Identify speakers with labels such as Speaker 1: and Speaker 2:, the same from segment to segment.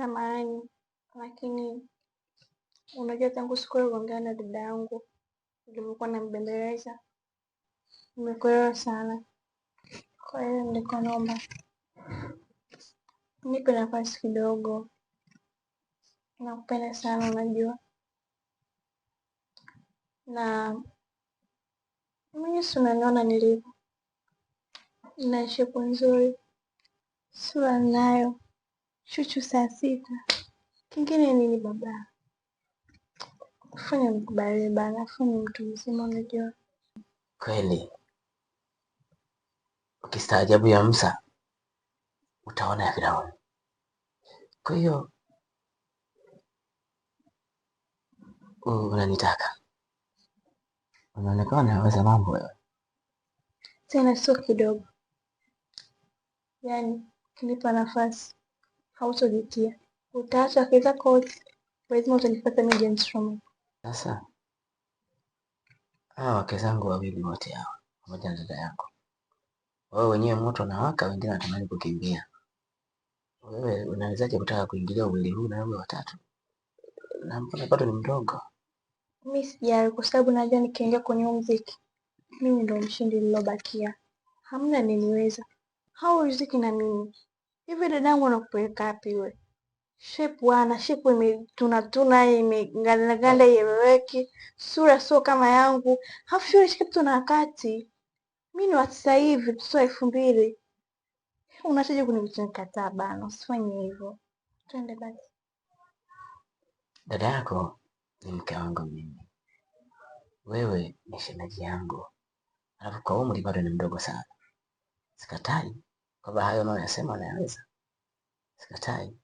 Speaker 1: samahani, lakini unajua tangu siku ile uliongea na dada yangu ulivyokuwa nambembeleza, nimekuelewa sana. Kwa hiyo nilikuwa naomba nipe nafasi kidogo, nakupenda sana, unajua na mimi si unaniona nilivyo, na shepu nzuri, sura ninayo Chuchu saa sita, kingine nini baba? Fanya mkubali bana, fanya mtu mzima unajua.
Speaker 2: Kweli ukistaajabu ya Musa utaona ya Firauni. Kwa hiyo unanitaka, unaonekana unaweza mambo wewe,
Speaker 1: tena sio kidogo. Yaani ukinipa nafasi hautojutia. Utaacha akiza kozi, lazima utajipata millions from
Speaker 2: Sasa hawa wake zangu wawili wote hawa pamoja na dada yako, wao wenyewe moto nawaka, wengine wanatamani kukimbia. Wewe unawezaje kutaka kuingilia uwili huu na wewe watatu, na mbona bado ni mdogo?
Speaker 1: Mi sijali kwa sababu najua nikiingia kwenye huu mziki mimi ndo mshindi lilobakia, hamna niniweza hao riziki na mimi hivi dadangu anakupeleka wapi wewe? Shepu ana shepu imetunatuna imegandaganda ah. ieleweki, sura sio kama yangu, hafu shule shika na wakati. Mi ni wa sasa hivi mtoto elfu mbili unachaje kunivitunikata bana, usifanye hivyo. Twende basi.
Speaker 2: Dada yako ni mke wangu mimi, wewe ni shemeji yangu, alafu kwa umri bado ni mdogo sana, sikatai kwamba hayo anayosema unayaweza sikatai,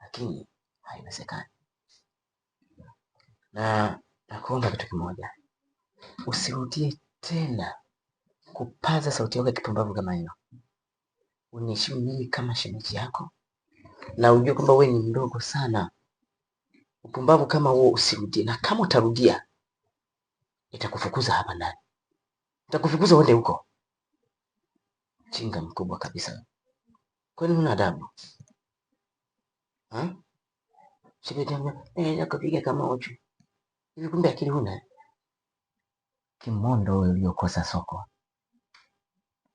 Speaker 2: lakini haiwezekani. Na nakuomba kitu kimoja, usirudie tena kupaza sauti yako ya kipumbavu kama hiyo. Uniheshimu mimi kama shemeji yako, na ujue kwamba wewe ni mdogo sana. Upumbavu kama huo usirudie, na kama utarudia, itakufukuza hapa ndani, itakufukuza uende huko. Chinga mkubwa kabisa, kwani una adabu? Naweza eh, kupiga kama uchu hivi, kumbe akili huna. Kimondo uliokosa soko,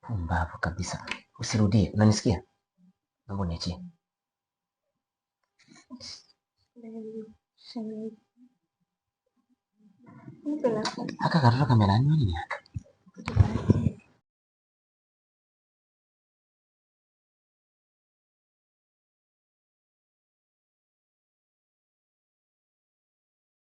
Speaker 2: pumbavu kabisa. Usirudie, unanisikia? Mambo niachie. Haka katoto kamelaniwa nini haka?